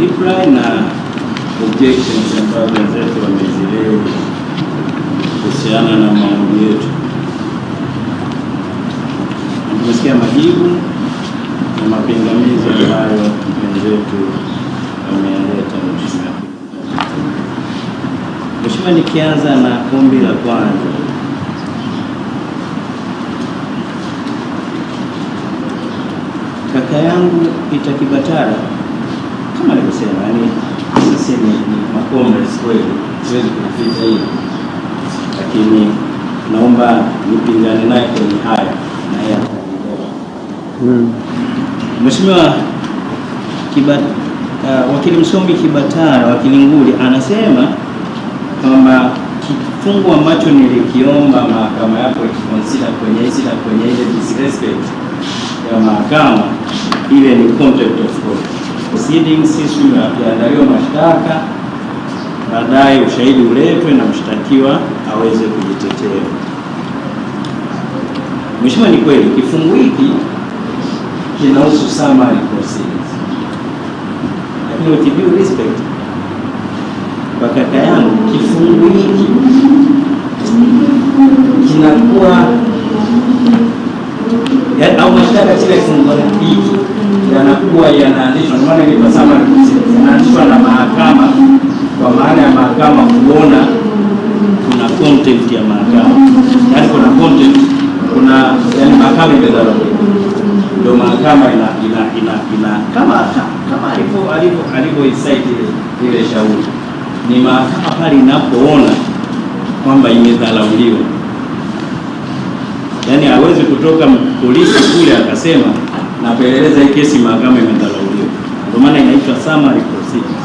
reply na objections ambayo wenzetu wamezileo kuhusiana na maombi yetu. Tumesikia majibu na mapingamizi ambayo wenzetu wamealeta. Mheshimiwa, Mheshimiwa, nikianza na ombi la kwanza kaka yangu Peter Kibatala kama alivyosema, yani sisi ni makomrades kweli, siwezi kuficha hii, lakini naomba nipingane naye kwenye haya na yeye ataelewa. Hmm. Mheshimiwa Kibata, uh, wakili msomi Kibatara, wakili nguli anasema kwamba kifungu ambacho nilikiomba mahakama yako ikikonsida kwenye hizi na kwenye ile disrespect ya mahakama ile ni contempt of court proceedings issue yaandaliwe mashtaka, baadaye ushahidi uletwe na mshtakiwa aweze kujitetea. Mheshimiwa, ni kweli kifungu hiki kinahusu summary proceedings, lakini with due respect kwa kaka yangu, kifungu hiki kinakuwa au mashtaka chile kifungu hiki yanakuwa yanaandishwa, ndio maana niliposema yanaandishwa na mahakama, kwa maana ya mahakama kuona kuna content ya mahakama, yaani kuna content, kuna yaani mahakama imedharauliwa, ndio mahakama ina ina ina ina kama kama alipo alipo alivyoisaiti ile shauri, ni mahakama pale inapoona kwamba imedharauliwa, yaani hawezi kutoka polisi kule akasema na hii kesi mahakama imedharauliwa, ndio maana inaitwa summary proceedings.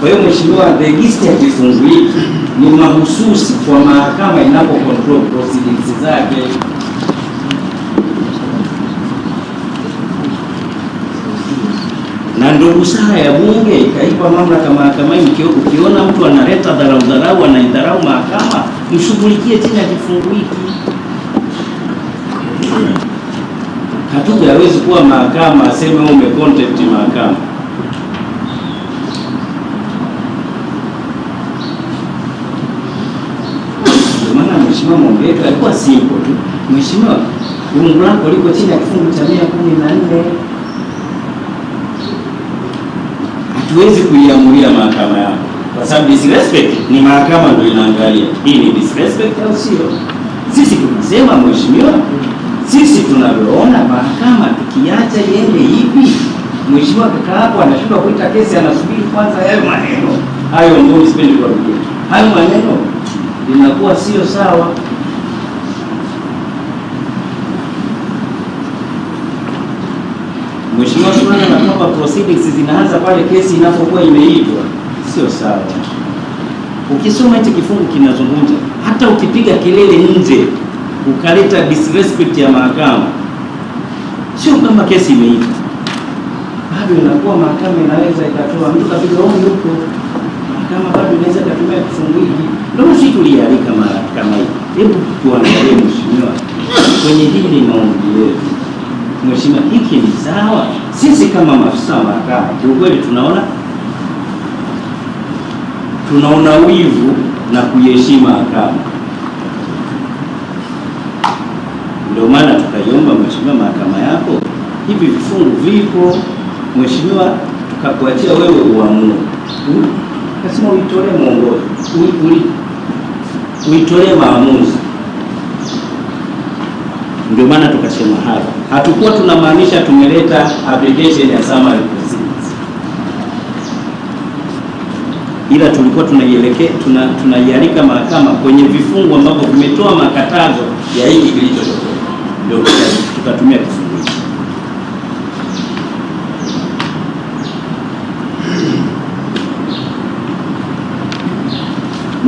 Kwa hiyo mheshimiwa, registry ya kifunguliki ni mahususi kwa mahakama inapo control proceedings zake. Na ndo busara ya bunge ikaipa mamlaka mahakamani, ukiona mtu analeta dharau dharau, anaidharau mahakama mshughulikie tena kifungu hiki. Hatuja hawezi kuwa mahakama aseme ume contact mahakama. Maana mheshimiwa Mwambeko alikuwa simple tu, mheshimiwa, umri wako liko chini ya kifungu cha mia kumi na nne. Hatuwezi kuiamulia mahakama yako kwa sababu disrespect ni mahakama ndio inaangalia hii ni disrespect au sio. Sisi tunasema mheshimiwa, sisi tunavyoona mahakama tukiacha iende hivi, mheshimiwa kaka hapo anashindwa kuita kesi, anasubiri kwanza hayo maneno hayo, ndio sipendi kurudia hayo maneno, inakuwa sio sawa. Mheshimiwa, tunaona kwamba proceedings zinaanza pale kesi inapokuwa imeitwa sio sawa. Ukisoma hichi kifungu kinazungumza, hata ukipiga kelele nje ukaleta disrespect ya mahakama, sio kama kesi imeiva bado inakuwa mahakama inaweza ikatoa mtu kapiga ombi huko, mahakama bado inaweza ikatumia kifungu hiki. Ndio sisi tulialika mara kama hii. Hebu tuangalie, mheshimiwa, kwenye hili maombi yetu, mheshimiwa, hiki ni sawa? Sisi kama maafisa wa mahakama kiukweli tunaona tunaona wivu na kuiheshima mahakama. Ndio maana tukaiomba mheshimiwa, mahakama yako hivi vifungu vipo mheshimiwa, tukakuachia wewe uamue. Kasema uitolee mwongozo, uitolee maamuzi. Ndio maana tukasema hayo hatukuwa tunamaanisha tumeleta application ya summary ila tulikuwa tunaielekea tuna, tunaialika mahakama kwenye vifungu ambavyo vimetoa makatazo ya hiki kilichotokea, ndio tukatumia kifungu hicho.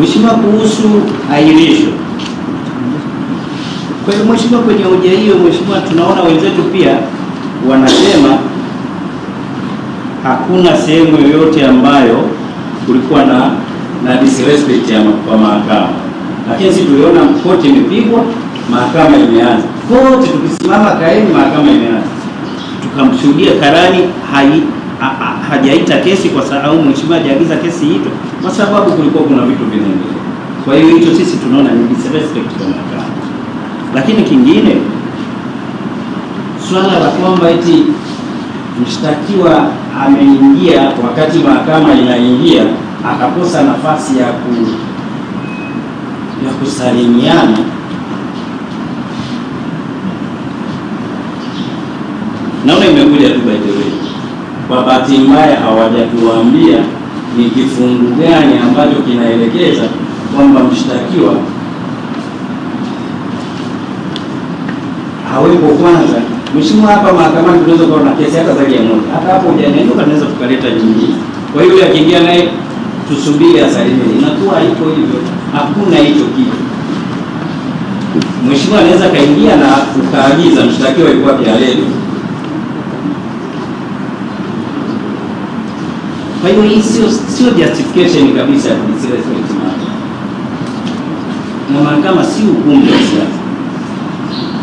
Mheshimiwa, kuhusu airisho, kwa hiyo Mheshimiwa, kwenye hoja hiyo Mheshimiwa, tunaona wenzetu pia wanasema hakuna sehemu yoyote ambayo kulikuwa na na disrespect ya kwa mahakama, lakini sisi tuliona koti imepigwa, mahakama imeanza, kote tukisimama kaeni, mahakama imeanza, tukamshuhudia karani hai hajaita kesi kwa sababu mheshimiwa hajaagiza kesi hiyo, kwa sababu kulikuwa kuna vitu vinaendelea. Kwa hiyo hicho sisi tunaona ni disrespect kwa mahakama, lakini kingine swala la kwamba eti mshtakiwa ameingia wakati mahakama inaingia, akakosa nafasi ya ku ya kusalimiana naona imekuja tu by the way. Kwa bahati mbaya hawajatuambia ni kifungu gani ambacho kinaelekeza kwamba mshtakiwa hawepo kwanza Mheshimiwa, hapa mahakamani tunaweza kuwa na kesi hata zaidi ya moja, hata hapo hujanenuka, tunaweza tukaleta nyingine. Kwa hiyo akiingia naye tusubiri asalimiwe, inakuwa iko hivyo, hakuna hicho kitu. Mheshimiwa anaweza kaingia na ukaagiza mshtakiwa yuko wapi alele. Kwa hiyo hii sio sio justification kabisa ya kudisrespect mahakama, na mahakama si ukumbi wa siasa.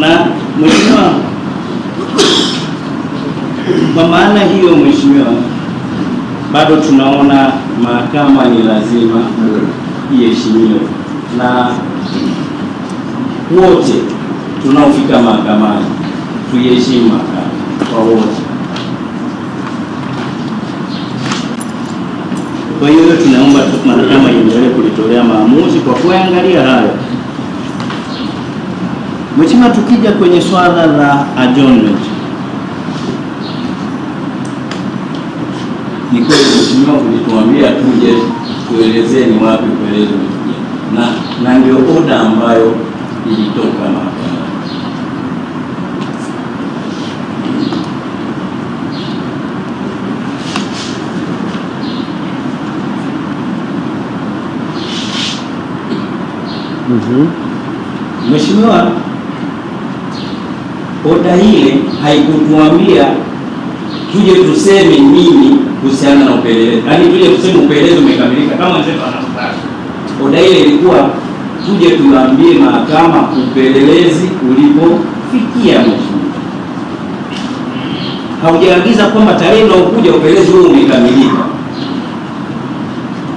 na mheshimiwa, kwa maana hiyo mheshimiwa, bado tunaona mahakama ni lazima iheshimiwe na wote tunaofika mahakamani tuiheshimu mahakama kwa wote. Kwa hiyo tunaomba mahakama iendelee kulitolea maamuzi kwa kuangalia hayo. Mheshimiwa, tukija kwenye swala la adjournment, ni kweli mheshimiwa kulituambia tuje kuelezeni wapi kueleza na na ndio oda ambayo ilitoka mahakama. Mhm. Mheshimiwa mm -hmm oda ile haikutuambia tuje tuseme nini kuhusiana na upelelezi, yaani tuje tuseme upelelezi umekamilika kama wenzetu wanavyotaka. Oda ile ilikuwa tuje tuambie mahakama upelelezi ulipofikia. mwisho. haujaagiza kwamba tarehe unaokuja upelelezi huo umekamilika.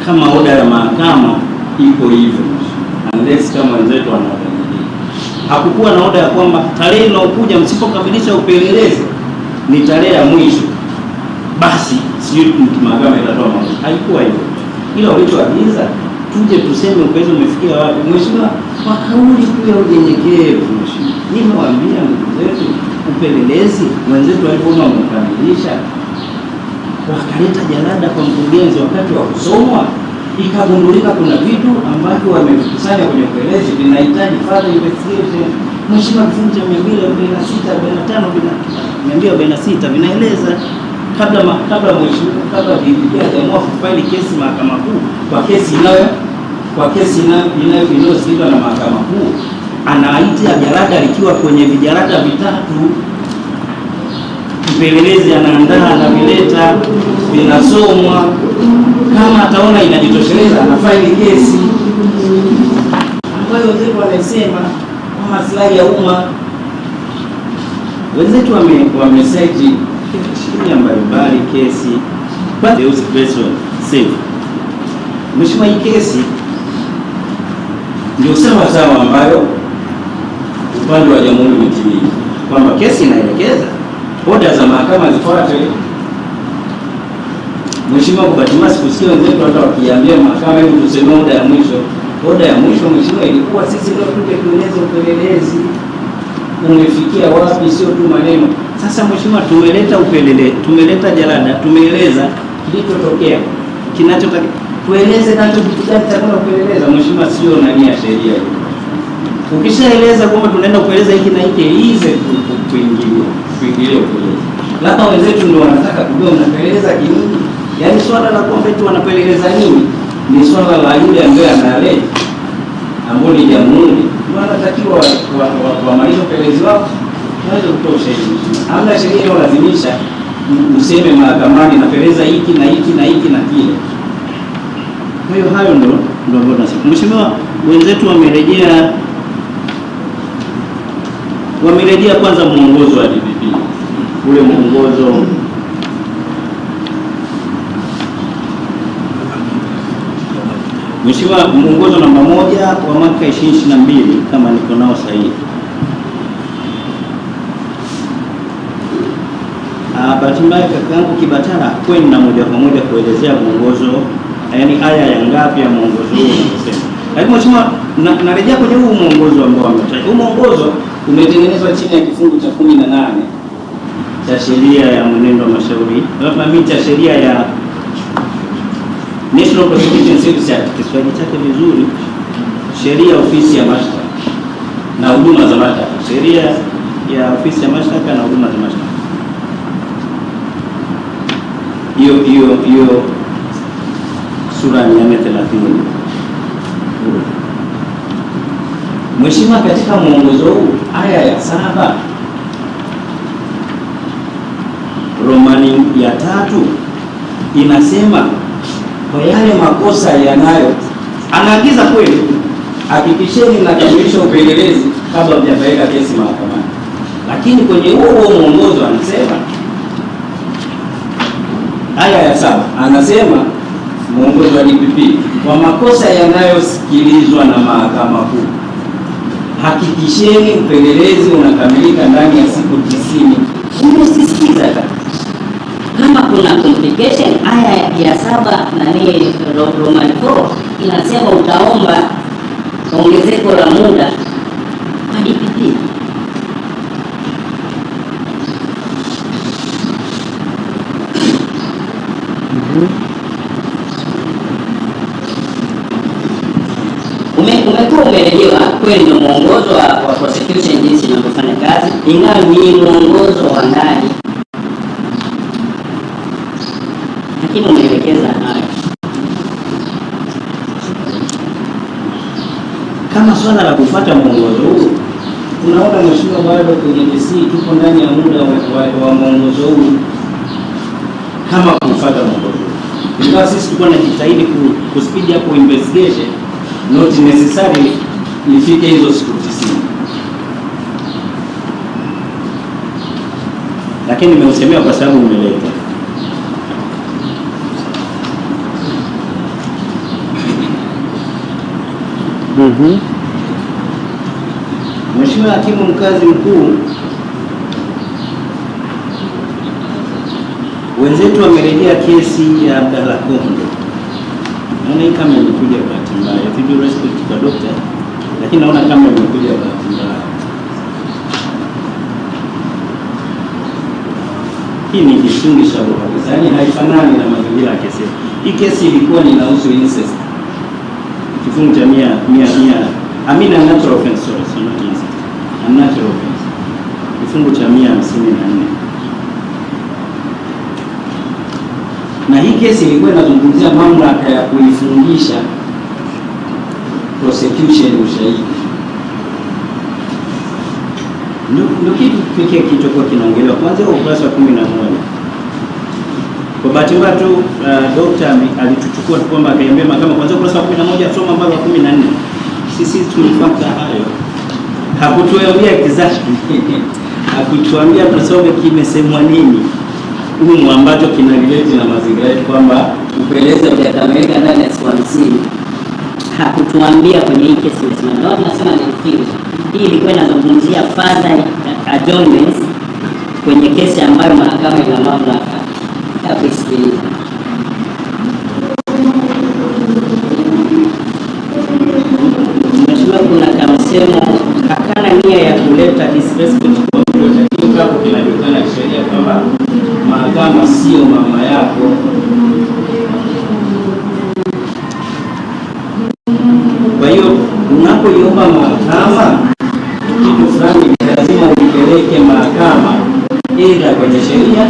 Kama oda ya mahakama iko hivyo, unless kama wenzetu wana hakukuwa na oda ya kwamba tarehe inaokuja msipokamilisha upelelezi ni tarehe ya mwisho, basi sijui mahakama itatoa maamuzi. Haikuwa hivyo, ila walichoagiza tuje tuseme upelelezi umefikia wapi. Mheshimiwa, kwa kauli tu ya unyenyekevu, mheshimiwa, nimewaambia ndugu zetu upelelezi, wenzetu walipoona wamekamilisha wakaleta jalada kwa mkurugenzi wakati wa kusomwa ikagundulika kuna vitu ambavyo wamekusanya kwenye upelelezi vinahitaji further investigation. Mheshimiwa, kifungu cha 246, 45, vinaeleza kabla kabla mheshimiwa kabla hajaamua kufaili kesi mahakama kuu kwa kesi inayo kwa kesi inayosikilizwa na mahakama kuu, anaita jalada likiwa kwenye vijalada vitatu mpelelezi anaandaa na vileta vinasomwa kama ataona inajitosheleza faili kesi ambayo wenzetu wamesema kwa maslahi ya umma. Wenzetu wameseji sheria mbalimbali kesi Mheshimiwa, hii kesi ndio sawa ambayo upande wa jamhuri umetimia kwamba kesi inaelekeza oda za mahakama zifuate. Mheshimiwa, Kubatima, bahati mbaya sikusikia wenzetu hata wakiambia mahakama hebu tuseme oda ya mwisho. Oda ya mwisho mheshimiwa, ilikuwa sisi ndio tutekeleze upelelezi. Umefikia wapi? Sio tu maneno. Sasa mheshimiwa, tumeleta upelele, tumeleta jalada, tumeeleza kilichotokea, kinachotakiwa tueleze nacho kitu gani cha kwenda kupeleleza. Mheshimiwa, sio nani ya sheria hiyo. Ukishaeleza kwamba tunaenda kueleza hiki na hiki, ize kuingilia kuingilia upelelezi, labda wenzetu ndio wanataka kujua mnapeleleza kinini Yaani swala la tu wanapeleleza nini ni swala la yule ambaye analeta ambao ni jamhuri, wanatakiwa wamalize upelelezi wao waweze kutoa ushahidi. Amna sheria inayolazimisha useme mahakamani napeleza hiki na hiki na hiki na kile. Kwa hiyo hayo ndo ndio Mheshimiwa, wenzetu wamerejea wamerejea kwanza mwongozo wa DPP ule mwongozo Mheshimiwa, mwongozo namba moja wa mwaka 2022 kama niko nao sahihi. Ah, bahati mbaya kakaangu Kibatala na moja kwa moja kuelezea mwongozo, yaani aya ya ngapi ya mwongozo huu unasema. Lakini mheshimiwa, narejea kwenye huu mwongozo ambao ametaja. Huu mwongozo umetengenezwa chini ya kifungu cha 18 cha sheria ya mwenendo wa mashauri, labda mimi cha sheria ya National Prosecution Service Act, Kiswahili chake vizuri, sheria ofisi ya mashtaka na huduma za mashtaka, sheria ya ofisi ya mashtaka na huduma za mashtaka. Hiyo hiyo hiyo sura ya 130. Mheshimiwa, katika mwongozo huu aya ya saba Romani ya tatu inasema kwa yale makosa yanayo, anaagiza kweli, hakikisheni mnakamilisha upelelezi kabla mjapeleka kesi mahakamani. Lakini kwenye huo huo mwongozo anasema aya ya saba anasema mwongozo wa DPP kwa makosa yanayosikilizwa na mahakama kuu hakikisheni upelelezi unakamilika ndani ya siku tisini. Umesisitiza kuna Aya ya saba nani Roman 4 inasema utaomba ongezeko la muda kwa Umekuwa umeelewa kweli, ndio mwongozo wa prosecution jinsi inavyofanya kazi, ingawa ni mwongozo wa ndani lakini unaelekeza hayo kama swala la kufuata mwongozo huu unaona mheshimiwa, bado kwenye DC tuko ndani ya muda wa mwongozo huu, kama kufuata mwongozo huu, ingawa sisi tulikuwa najitahidi ku speed up investigation, not necessary ifike hizo siku tisini, lakini nimeusemea kwa sababu umeleta mm -hmm. Hakimu Mkazi Mkuu, wenzetu wamerejea kesi ya Abdalla Kondo. Naona hii kama imekuja bahati mbaya, with respect kwa dokta, lakini naona kama imekuja bahati mbaya. Hii ni kifungi cha uhapisani, haifanani na mazingira ya kesi. Hii kesi ilikuwa ni inahusu incest kifungu cha mia mia mia amina natural offense sorry so not sio a natural offense kifungu cha mia 154 na na hii kesi ilikuwa inazungumzia mamlaka ya kuifungisha prosecution ushahidi, ndio kitu pekee kilichokuwa kinaongelewa kuanzia ukurasa wa kumi na moja. Kwa bahati mbaya tu uh, dokta alituchukua tu kwamba akaiambia mahakama kwanza ukurasa wa 11 soma mpaka 14. Sisi tulifuata hayo, hakutuambia exactly hakutuambia tusome kimesemwa nini umu ambacho kina relate na mazingira yetu kwamba upelelezi haujakamilika ndani ya siku hamsini. Hakutuambia kwenye hii kesi imesimama, ndio tunasema ni fikiri hii ilikuwa inazungumzia further adjournments kwenye kesi ambayo mahakama ina mamlaka Misri. Mheshimiwa, kuna kamsemo hakana nia ya kuleta disrespect kwa mtu katika kukimadikana kisheria kwamba mahakama sio mama yako. Kwa hiyo unapoiomba mahakama kitu fulani, lazima uipeleke mahakama, aidha kwenye sheria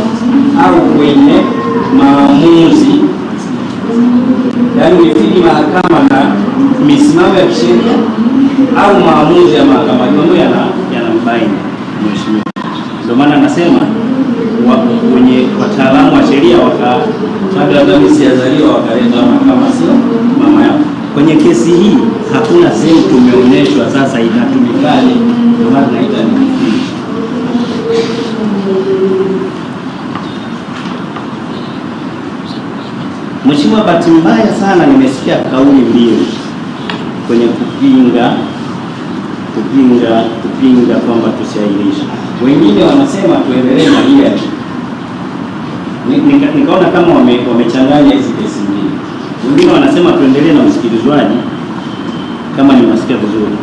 au kwenye maamuzi, yaani umefiki mahakama na misimamo ya kisheria au maamuzi ya mahakama, yana yanambaini mheshimiwa. Ndio maana anasema wenye wataalamu wa sheria wakaaasiazaliwa wakaleta mahakama, sio mama yao. Kwenye kesi hii hakuna sehemu tumeonyeshwa sasa inatumikaje, ndio maana ni Mheshimiwa, bahati mbaya sana nimesikia kauli mbili kwenye kupinga kupinga kupinga kwamba tusiahirisha, wengine wanasema tuendelee na hili. Nika, nikaona kama wame, wamechanganya hizi kesi mbili. Wengine wanasema tuendelee na usikilizwaji kama nimesikia vizuri,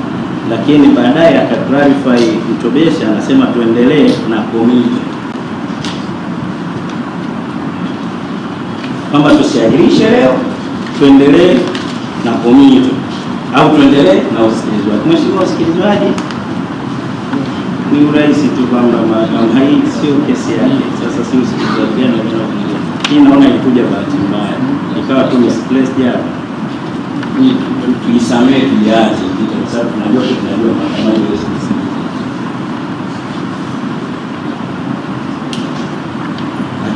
lakini baadaye akaclarify Mtobesha anasema tuendelee na kuumiza kwamba tusiahirishe leo, tuendelee na komito au tuendelee na usikilizwaji. Mheshimiwa, usikilizwaji ni urahisi tu kwamba hii sio kesi yake, sasa si usikilizwaji gani? Hii naona ilikuja bahati mbaya, ikawa tu misplaced hapa. Tuisamee tujaze, kwa sababu tunajua tunajua mahakamani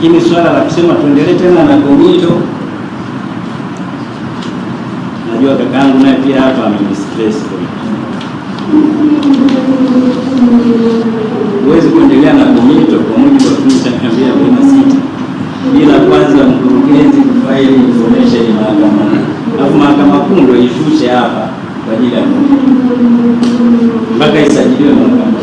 lakini swala la kusema tuendelee tena na gomito, najua kakaangu naye pia hapa amenistress. Huwezi kuendelea na gomito kwa mujibu wa kifungu cha mia mbili arobaini na sita bila kwanza mkurugenzi kufaili information ya mahakama, alafu mahakama kuu ndio ishushe hapa kwa ajili ya mpaka isajiliwe mahakama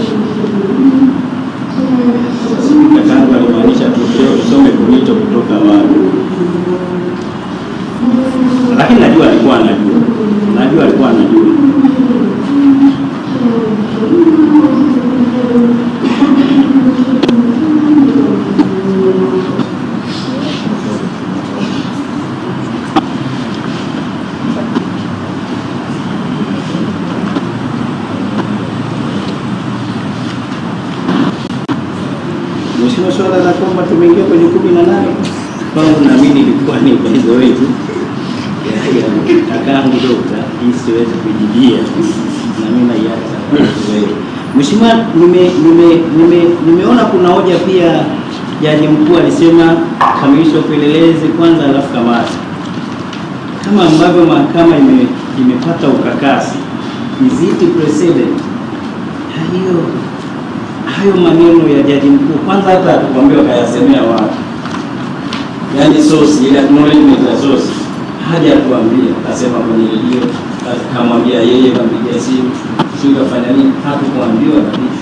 mjumbe kuitwa kutoka wapi, lakini najua alikuwa anajua, najua alikuwa anajua nime, nime, nime, nimeona kuna hoja pia jaji mkuu alisema kamilisha upelelezi kwanza alafu kamati. Kama ambavyo mahakama ime, imepata ukakasi mziti precedent, hayo hayo maneno ya jaji mkuu kwanza hata hatukwambia wakayasemea watu, yani source ile acknowledgement ya source haja kuambia, kasema kwenye redio, kamwambia yeye, kampigia simu, sio kafanya nini, hakukuambiwa kabisa.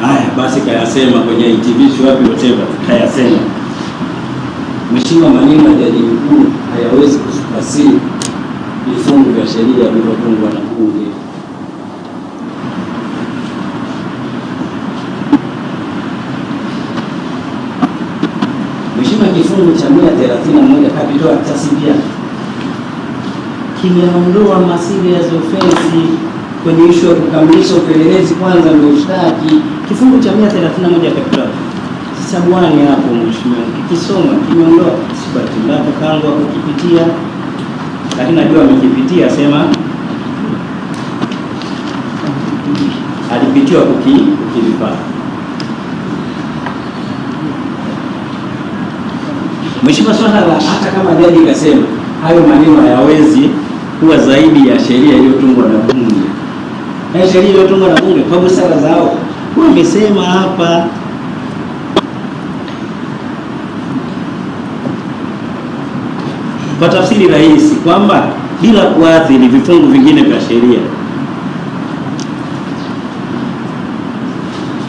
Haya basi kayasema kwenye ITV wapi, whatever kayasema. Mheshimiwa maneno ya jaji mkuu hayawezi kusukasiri vifungu vya sheria vilivyotungwa na Bunge. Mheshimiwa, kifungu cha 131 kapitoa Act CPA kimeondoa ma serious offense kwenye ishu ya kukamilisha upelelezi kwanza ndio ushtaki kifungu cha 131 katiba sasa bwani hapo mheshimiwa kikisoma kimeondoa sibati ndapo kango kukipitia lakini najua amekipitia sema alipitiwa kuki kukivipata Mheshimiwa, swala la hata kama jaji ikasema hayo maneno hayawezi kuwa zaidi ya sheria iliyotungwa na bunge na sheria iliyotungwa na Mungu kwa busara zao. Wamesema hapa kwa tafsiri rahisi kwamba bila kuathiri vifungu vingine vya sheria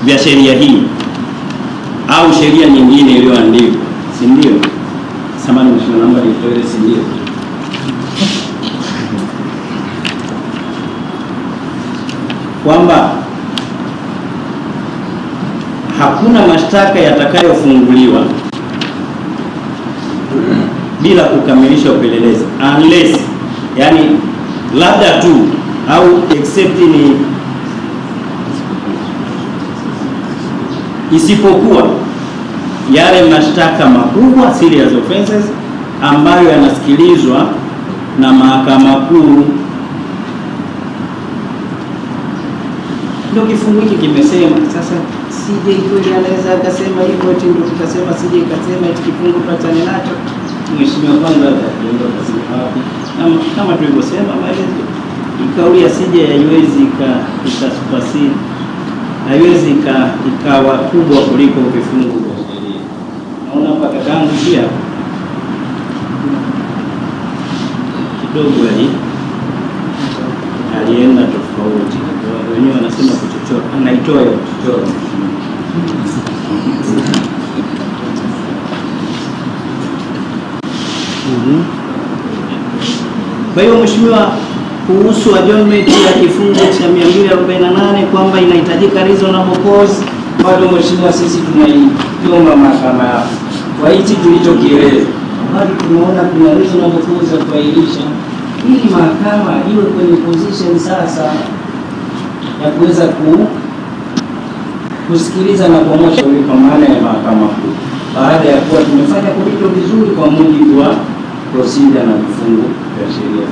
vya sheria hii au sheria nyingine iliyoandikwa, si ndio? Samahani, mheshimiwa, naomba nitoe, si ndio? kwamba hakuna mashtaka yatakayofunguliwa bila kukamilisha upelelezi unless, yani labda tu au except ni isipokuwa yale mashtaka makubwa serious offenses ambayo yanasikilizwa na mahakama kuu ndio kifungu hiki kimesema. Sasa sije kweli anaweza akasema hivyo eti ndio tutasema, sije ikasema eti kifungu tuachane nacho. Mheshimiwa kwanza ataenda kasema wapi? Kama tulivyosema maelezo, kauli ya sije haiwezi ka ikasupersede, haiwezi ka ikawa kubwa kuliko kifungu vya sheria. Naona hapa kakangu pia kidogo alienda tofauti wenyewe wanasema kuchochora, anaitoa ya kuchochora mhm. Kwa hiyo mheshimiwa, kuhusu adjournment ya kifungu cha 248 kwamba inahitajika reasonable cause, bado mheshimiwa, sisi tunaiomba mahakama yako kwa hichi tulichokieleza, bado tunaona kuna reasonable cause ya kuahirisha, ili mahakama iwe kwenye position sasa ya kuweza kusikiliza na kuamua kwa maana ya mahakama kuu, baada ya kuwa tumefanya kupito vizuri kwa mujibu wa prosida na vifungu vya sheria ya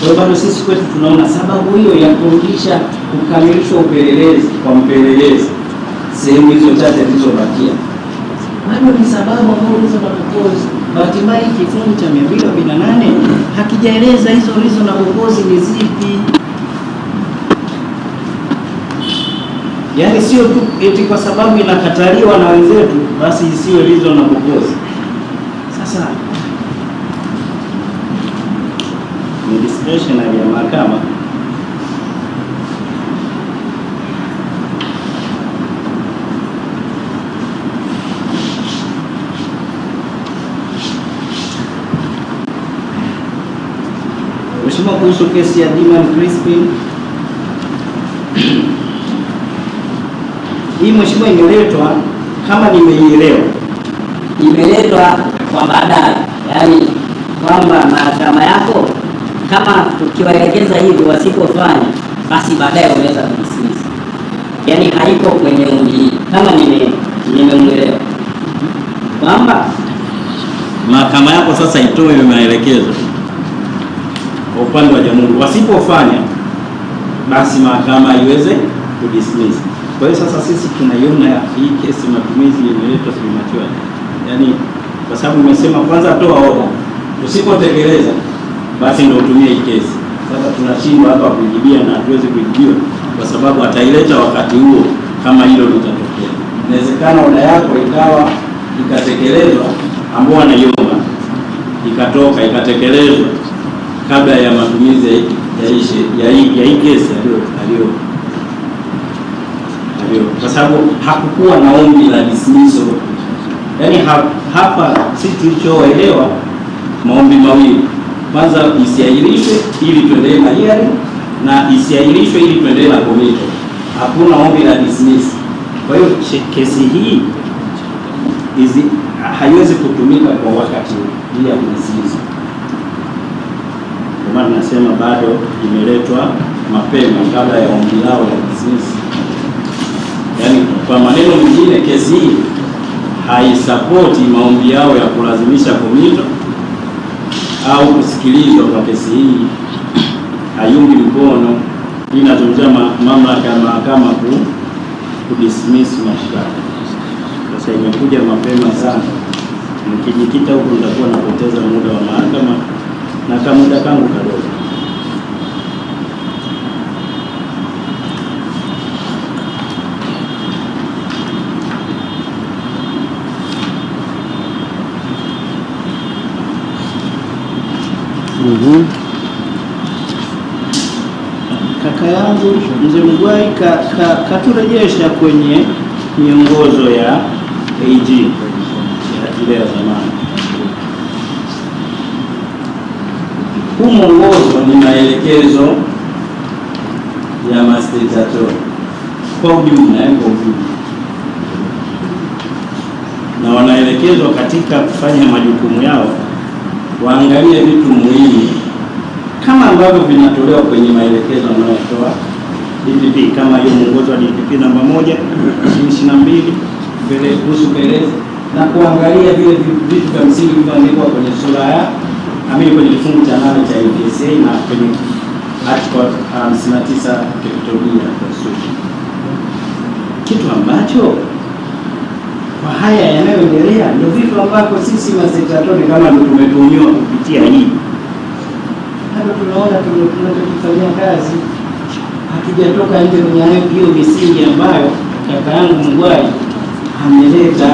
Kwa bado sisi kwetu tunaona sababu hiyo ya kurudisha kukamilishwa upelelezi kwa mpelelezi sehemu hizo chache zilizobakia bado ni sababu ambayo ulizonagogozi. Bahati mbaya kifungu cha mia hakijaeleza hizo hizo na gogozi ni zipi. Yaani sio tu eti kwa sababu inakataliwa na wenzetu basi isiwe lizo na Mwokozi. Sasa ni discretionary ya mahakama. Mheshimiwa, kuhusu kesi ya Dimond Crispin Hii mheshimiwa, imeletwa kama nimeielewa, imeletwa kwa badala, yaani kwamba mahakama yako kama ukiwaelekeza hivi wasipofanya, basi baadaye unaweza kuisimisa, yaani haiko kwenye umilii, kama nimemwelewa kwamba mahakama yako sasa itoe maelekezo kwa upande wa jamhuri, wasipofanya basi mahakama iweze kudismiss. Kwa hiyo sasa sisi tunaiona hii kesi matumizi imeletwa prematurely, yaani kwa sababu umesema kwanza toa oda, usipotekeleza basi ndio utumie hii kesi. Sasa tunashindwa hapa kujibia na hatuwezi kujibia kwa sababu ataileta wakati huo kama hilo litatokea. Inawezekana oda yako ikawa ikatekelezwa, ambao wanaiomba ikatoka ikatekelezwa kabla ya matumizi ya hii kesi aliyo kwa sababu hakukuwa na ombi la dismiso. Yaani hapa si tulichoelewa maombi mawili, kwanza isiahirishwe ili tuendelee na hearing na isiahirishwe ili tuendelee na committal. Hakuna ombi la dismiso. Kwa hiyo kesi hii izi haiwezi kutumika kwa wakati ya dismiso. Kwa maana nasema bado imeletwa mapema kabla ya ombi lao la dismiso. Yaani, kwa maneno mengine, kesi hii haisapoti maombi yao ya kulazimisha komito au kusikilizwa kwa kesi hii, hayungi mkono. Hii ma, mamlaka ya mahakama ku kudismiss mashtaka. Sasa imekuja mapema sana, nikijikita huku nitakuwa napoteza muda wa mahakama na kamuda kangu kadogo. Kaka yangu mzee Mgwai katurejesha ka, ka kwenye miongozo ya AG ile ya zamani. Huu mwongozo ni maelekezo ya masteritatori kwa ujumla, eh, kwa ujumla na wanaelekezwa katika kufanya majukumu yao waangalie vitu muhimu kama ambavyo vinatolewa kwenye maelekezo anayotoa DPP, kama hiyo mwongozo wa DPP namba moja ishirini na mbili kuhusu na kuangalia vile vitu vya msingi vilivyoandikwa kwenye sura ya amini kwenye kifungu cha nane cha UDSA na kwenye article 59 ya kitu ambacho kwa haya yanayoendelea, ndio vitu ambavyo sisi masektatori kama ndio tumetumiwa kupitia hii, bado tunaona tunachokifanyia kazi, hatujatoka nje kwenye hiyo misingi ambayo kaka yangu Mungwai ameleta,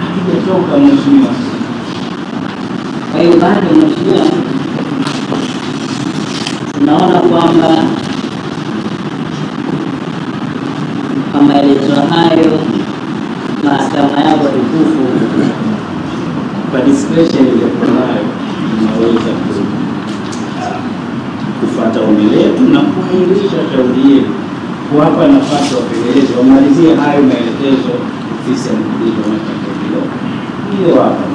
hatujatoka mheshimiwa. Kwa hiyo bado mheshimiwa, tunaona kwamba kwa maelezo hayo mahakama yako tukufu kwa discretion iliyokuwa nayo inaweza kufata uh, ombi letu na kuahirisha shauri yetu, kuwapa nafasi wapelelezi wamalizie hayo maelekezo ofisi ya mkilifi wanatakiwa hiyo wapa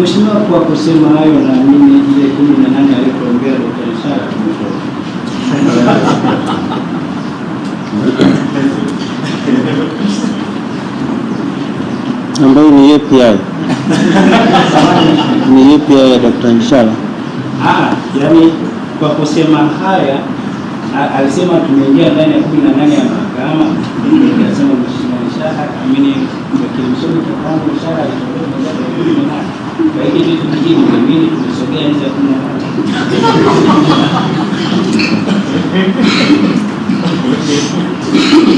Mheshimiwa, kwa kusema hayo, naamini ile kumi na nane alikuongea Daktari Sara tumetoka ambayo ni API ni API ya Dr. Nshala. Ah, yani kwa kusema haya alisema tumeingia ndani ya kumi na nane ya mahakama, akasema Mheshimiwa Nshala amini akilimsoni kitabu Nshala Aí tem gente ter que não sei o que, a gente já